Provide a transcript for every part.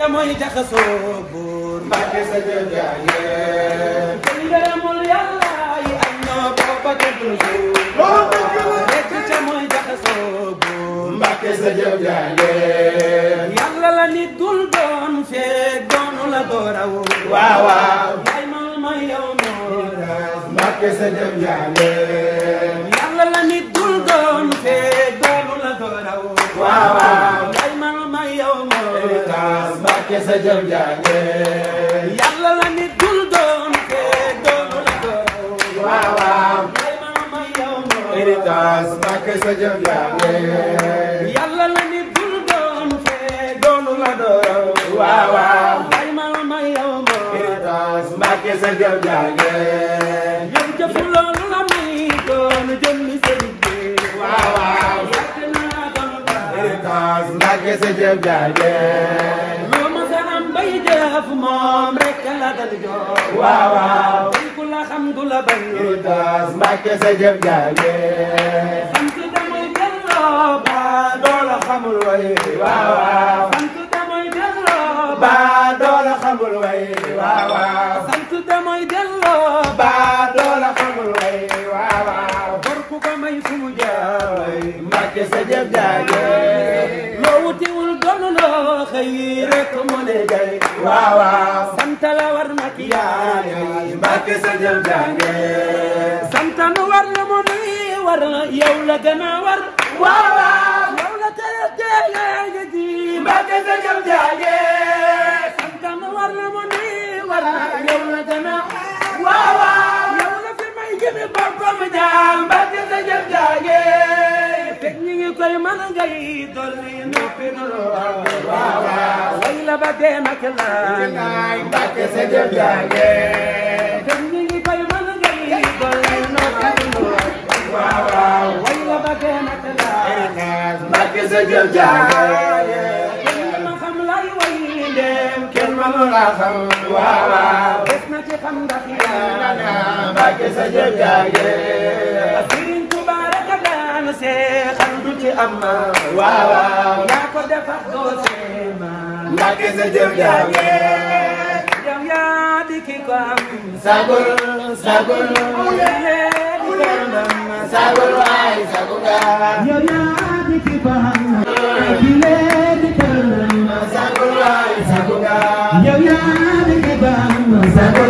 te mooy jaxasoo buur Mbàkke sa jëjaaye te ngërëmul yàlla yi am na booba te dul buur rekk te mooy jaxasoo buur Mbàkke sa jëjaaye yàlla la nit dul doon feeg doonu la doorawu waaw waaw yaay mal ma yow noo Mbàkke sa jëjaaye sa jëf jaange yàlla la nit dul doon te doonu la ko waaw waaw héritage bàkk sa jëf jaange yàlla la nit dul doon te doonu la doon waaw waaw héritage bàkk sa jëf jaange yow jëf loolu la muy doon jëmmi sëriñ bi waaw waaw héritage bàkk sa jëf jaange bay def moom rek la dal joor waaw waaw ku la xam du la bañ tas Mbàkke sa jëf jànge sant damay delloo ba doo la xamul way waaw waaw sant damay delloo ba doo la xamul way waaw waaw sant damay delloo ba doo la xamul way waaw waaw bor ku ko may fu mu jaay Mbàkke sa jëf jànge yàlla yi rek moo ne jay waaw waaw sant la war na ki yaay mbàkke sa jël jànge sant nu war la mu nuy war yow la gën a war waaw waaw yow la tere teelee ji mbàkke sa jël jànge sant nu war la mu nuy war yow la gën a waaw waaw yow la fi may jëmi boppam jaam mbàkke sa jël jànge fekk ñi ngi koy mën ngay dolli noppi nu waaw ba dee ma kii laay. laay Mbàkke sa jëf jaagee. te ñu ngi koy mën a jëli. góorgóorlu góorgóorlu. waaw waaw. way la ba dee ma kii laay. Mbàkke sa jëf jaagee. kenn ma xam lay way ndéem. kenn ma mën a xam. waaw waaw. des na ci xam ndax yaa. Mbàkke sa jëf jaagee. Sëriñ Tuuba rek a daan seexal du ci am. waaw waaw. yaa ko defar doose. Mbàkke sa jëf yaa ngeen. jëf yaa di ki ko am. sagul sagul. sagul waay sagul gaa. jëf yaa di ki ko am. sagul waay sagul gaa. jëf yaa di ki ko am. sagul.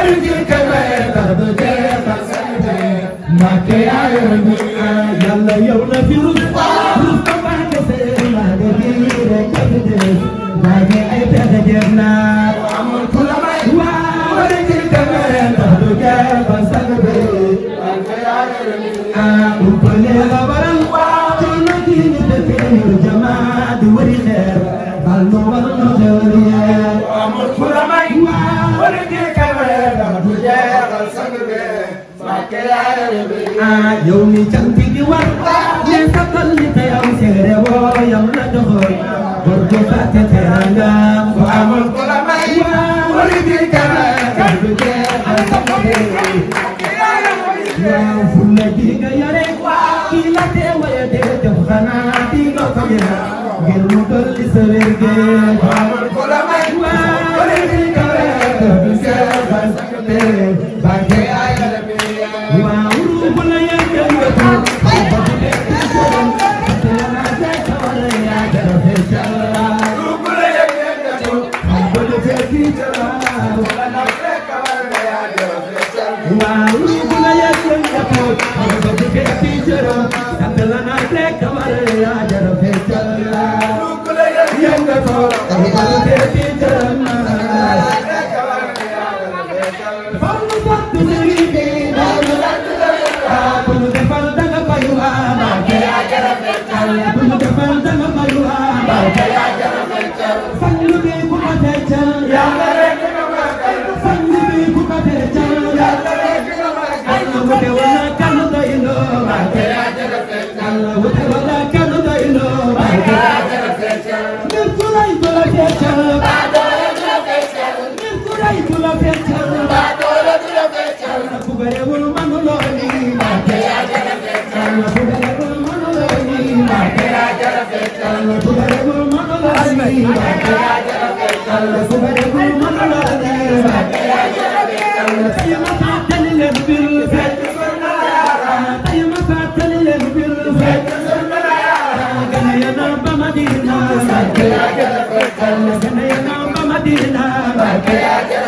Bye. yow mi canti gi war ne sa xol li tey am seere woo yow la joxoon bor du fàtte teranga bu amul ku la may waa liggéey kala kar du jeexal sa tee waya dee def xanaa di nga ko ngir mu dolli sa wér Thank you. Madina, Madina, Madina, Madina,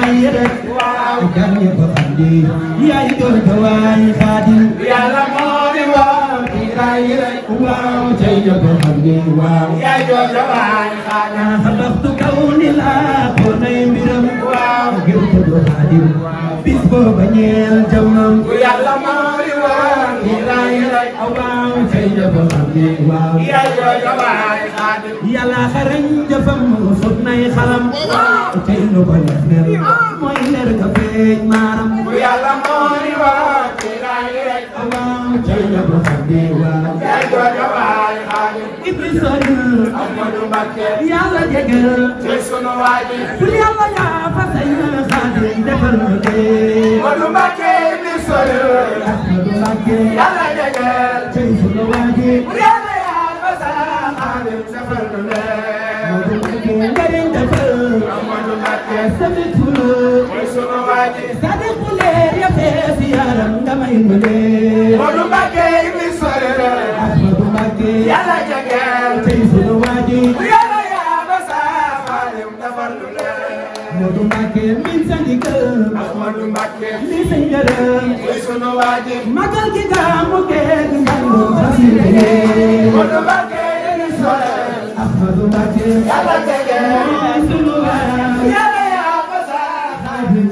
waay rek waaw gan ñëpp a fandi yaay góor ga waay Fadim yàlla moo di waaw ci raay rek waaw tey ñëpp a fandi waaw yaay góor ga waay Fadim sabaxtu kaw ni laa ko nay mbiram waaw ngir tudd Fadim bis booba ñeel jawnam yàlla moo di waaw ci raay rek waaw tey ñëpp a fandi waaw yaay góor ga waay Fadim yàlla xarañ jëfam sut nay xalam tey nu ko def leer mooy leer ga feeñ maaram bu yàlla moo ni waa ci lay rek xalam tey na ko xamee waa yaay jooja waay xaalim iblis sori Amadou Mbacké yàlla jégal ci sunu waaji bu yàlla yaa fa tey xaadim defal ñu dee Amadou Mbacké iblis sori Amadou Mbacké yàlla jégal ci sunu waaji bu yàlla yaa fa tey xaadim defal ñu dee tamit tulo. mooy sunu waaji. Sadio Koule yëfee si yaram damay mbële. Modou Mbacke ibli sore la. Ahmadou Mbacke. yàlla jagal. tey sunu waaji. bu yàlla yaa ba saa xaalim defar lu leen. Modou Mbacke min sani kër. Ahmadou Mbacke. li fi njëriñ. mooy sunu waaji. magal gi gàmmu keeg ngàllu xasile. Modou Mbacke ibli sore. Ahmadou Mbacke. yàlla jagal. sunu waaji.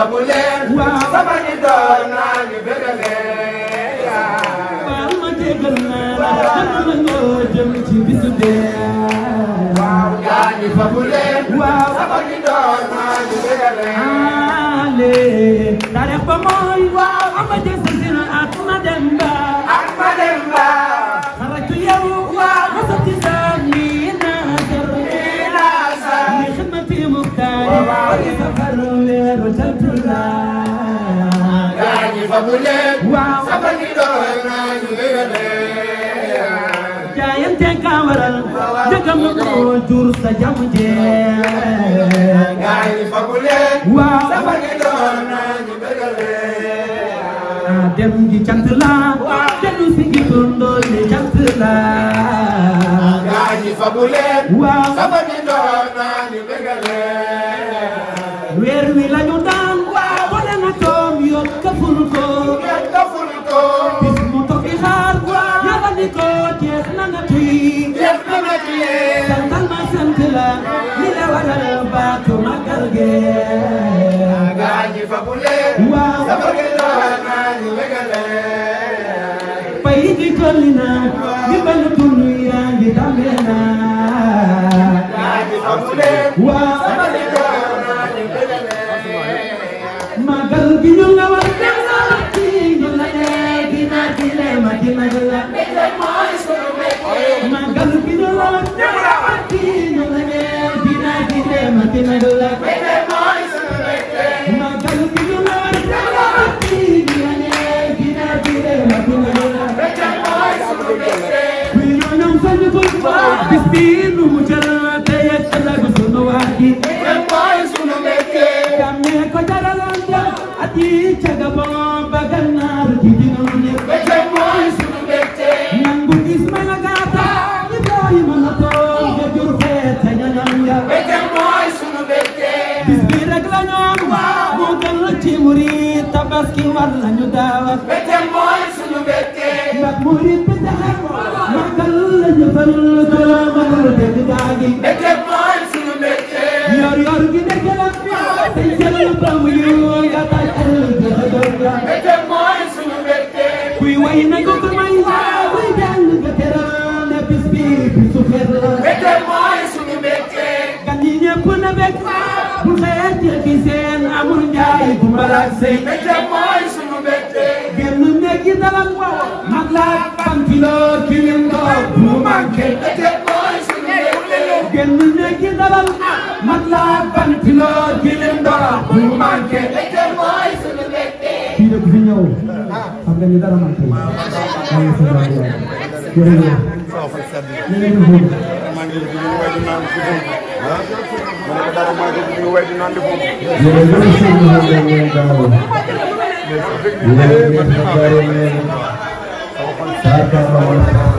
sabu leen. waaw sama ji door naa ñu bëggalee. waaw ma déggal naa la. waaw ma jëm ci bisu dee. waaw yaa ñu sabu leen. waaw sama ji door naa ñu bëggalee. ale. tarex ba mooy. waaw ama jëse. bu leen. waaw sabal gi doon naa ñu wéralee. jaayante ka waral. waaw dëggam ko jur sa jàmm jee. gaa yi fa bu leen. waaw sabal gi doon naa ñu dem gi cant la. fa bu leen. waaw sabal gi doon naa ñu magal gi ñu murid bi taxaw magal la jëfal ko magal dëgg daa gi. ndeke mooy suñu métier. yor yor gi ndeke la. te jël bamb yu yàlla jël jëfandoo ga. ndeke mooy suñu métier. kuy way na ko may. kuy jàng nga teral na bis bi bisu xeet la. ndeke mooy suñu métier. gan yi ñëpp na bekk. bu xeet ci seen amul njaay bu mbalaak sëy. dalam wawa maglak pantilo kilim do bumangke ete boy sine gen ne ki dalam maglak pantilo kilim do bumangke ete boy sunu bette ki de fi ñew xam nga ni dara man tay jërëjëf ñu leen di bëgg maa ngi leen di way di naan ci bëgg ah ma ne ko dara maa ngi leen di way di naan di bëgg jërëjëf sunu Thank you.